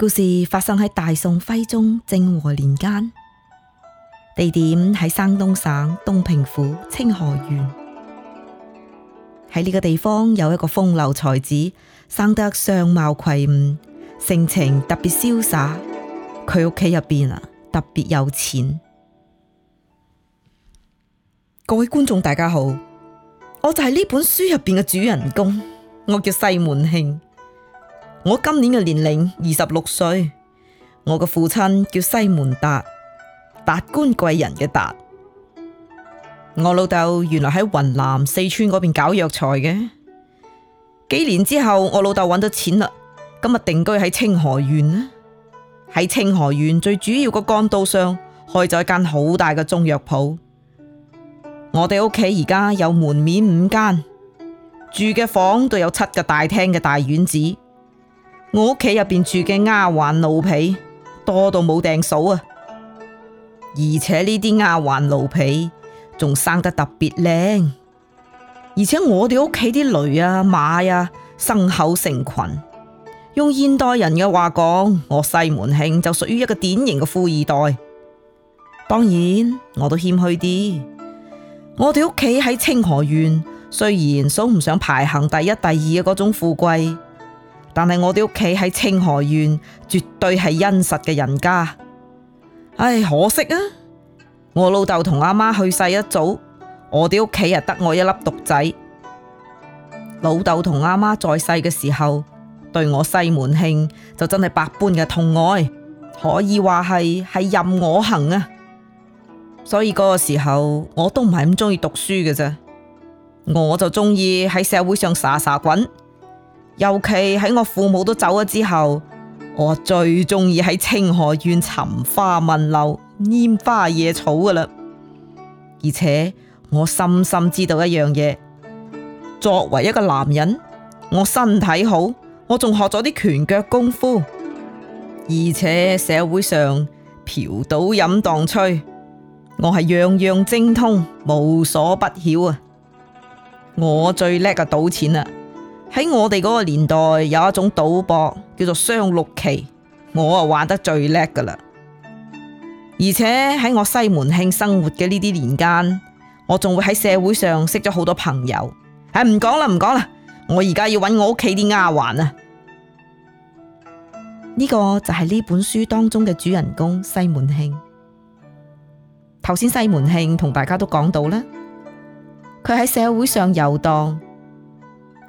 故事發生喺大宋徽宗政和年間，地點喺山東省東平府清河縣。喺呢個地方有一個風流才子，生得相貌魁梧，性情特別瀟灑。佢屋企入邊啊，特別有錢。各位觀眾大家好，我就係呢本書入邊嘅主人公，我叫西門慶。我今年嘅年齡二十六歲，我嘅父親叫西門達，達官貴人嘅達。我老豆原來喺雲南、四川嗰邊搞藥材嘅，幾年之後我老豆揾到錢啦，今日定居喺清河縣。喺清河縣最主要嘅幹道上開咗一間好大嘅中藥鋪，我哋屋企而家有門面五間，住嘅房都有七個大廳嘅大院子。我屋企入邊住嘅丫鬟奴婢多到冇定數啊！而且呢啲丫鬟奴婢仲生得特別靚，而且我哋屋企啲驢啊馬啊牲口成群。用現代人嘅話講，我西門慶就屬於一個典型嘅富二代。當然，我都謙虛啲。我哋屋企喺清河縣，雖然數唔上排行第一第二嘅嗰種富貴。但係我哋屋企喺清河縣，絕對係殷實嘅人家。唉，可惜啊！我老豆同阿媽去世一早，我哋屋企啊得我一粒獨仔。老豆同阿媽在世嘅時候，對我西門慶就真係百般嘅痛愛，可以話係係任我行啊！所以嗰個時候我都唔係咁中意讀書嘅啫，我就中意喺社會上沙沙滾。尤其喺我父母都走咗之後，我最中意喺清河縣尋花問柳、拈花惹草噶啦。而且我深深知道一樣嘢，作為一個男人，我身體好，我仲學咗啲拳腳功夫。而且社會上嫖賭飲蕩吹，我係樣樣精通，無所不曉啊！我最叻嘅賭錢啦、啊。喺我哋嗰個年代，有一種賭博叫做雙六期，我啊玩得最叻噶啦。而且喺我西門慶生活嘅呢啲年間，我仲會喺社會上識咗好多朋友。唉、哎，唔講啦，唔講啦，我而家要搵我屋企啲丫鬟啊！呢個就係呢本書當中嘅主人公西門慶。頭先西門慶同大家都講到啦，佢喺社會上遊蕩。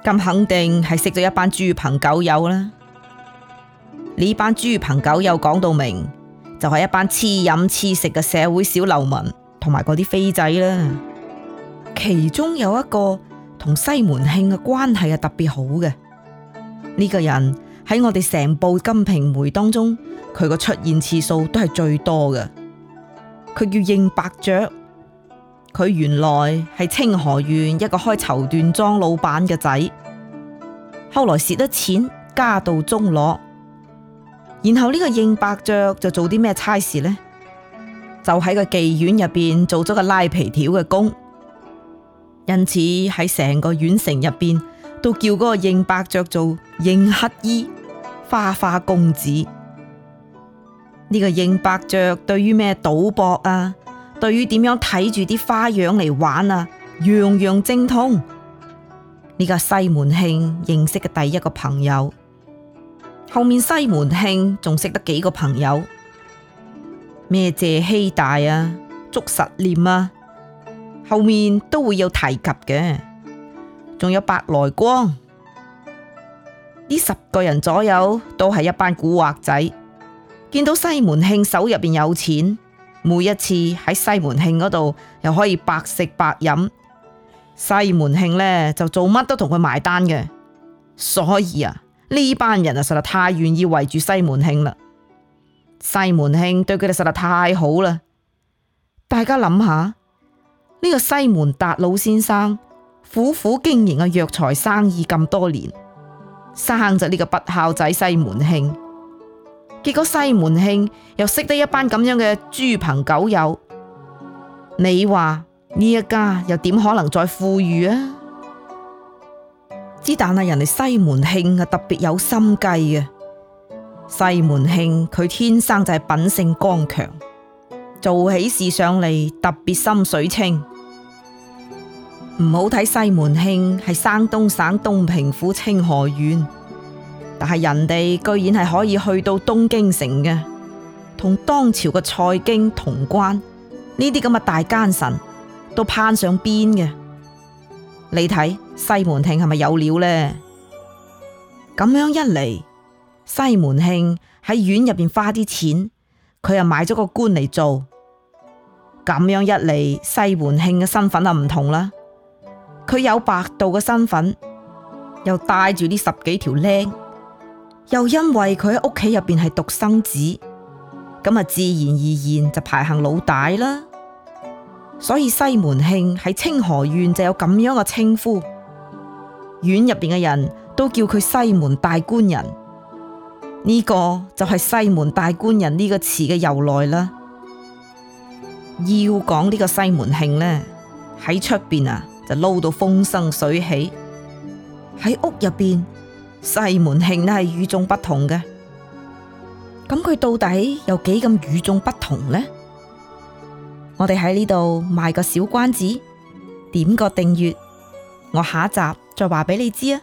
咁肯定係識咗一班豬朋狗友啦！呢班豬朋狗友講到明，就係、是、一班黐飲黐食嘅社會小流民同埋嗰啲飛仔啦。 其中有一個同西門慶嘅關係係特別好嘅，呢、這個人喺我哋成部《金瓶梅》當中，佢個出現次數都係最多嘅。佢叫應伯爵。佢原來係清河縣一個開綢緞莊老闆嘅仔，後來蝕得錢，家道中落。然後呢個應伯爵就做啲咩差事呢？就喺個妓院入邊做咗個拉皮條嘅工，因此喺成個縣城入邊都叫嗰個應伯爵做應乞衣花花公子。呢、這個應伯爵對於咩賭博啊？對於點樣睇住啲花樣嚟玩啊，樣樣精通。呢個西門慶認識嘅第一個朋友，後面西門慶仲識得幾個朋友，咩謝希大啊、祝實念啊，後面都會有提及嘅。仲有白來光，呢十個人左右都係一班古惑仔，見到西門慶手入邊有錢。每一次喺西門慶嗰度又可以白食白飲，西門慶呢，就做乜都同佢埋單嘅，所以啊呢班人啊實在太願意圍住西門慶啦，西門慶對佢哋實在太好啦。大家諗下呢個西門達老先生苦苦經營嘅藥材生意咁多年，生咗呢個不孝仔西門慶。結果西門慶又識得一班咁樣嘅豬朋狗友，你話呢一家又點可能再富裕啊？之但係人哋西門慶啊特別有心計嘅，西門慶佢天生就係品性剛強，做起事上嚟特別心水清。唔好睇西門慶係山東省東平府清河縣。但係人哋居然係可以去到東京城嘅，同當朝嘅蔡京同關、童貫呢啲咁嘅大奸臣都攀上邊嘅。你睇西門慶係咪有料呢？咁樣一嚟，西門慶喺院入邊花啲錢，佢又買咗個官嚟做。咁樣一嚟，西門慶嘅身份就唔同啦。佢有白道嘅身份，又帶住呢十幾條靚。又因為佢喺屋企入邊係獨生子，咁啊自然而然就排行老大啦。所以西門慶喺清河縣就有咁樣嘅稱呼，院入邊嘅人都叫佢西門大官人。呢個就係西門大官人呢個詞嘅由來啦。要講呢個西門慶呢，喺出邊啊就撈到風生水起，喺屋入邊。西門慶都係與眾不同嘅，咁佢到底有幾咁與眾不同呢？我哋喺呢度賣個小關子，點個訂閱，我下一集再話俾你知啊！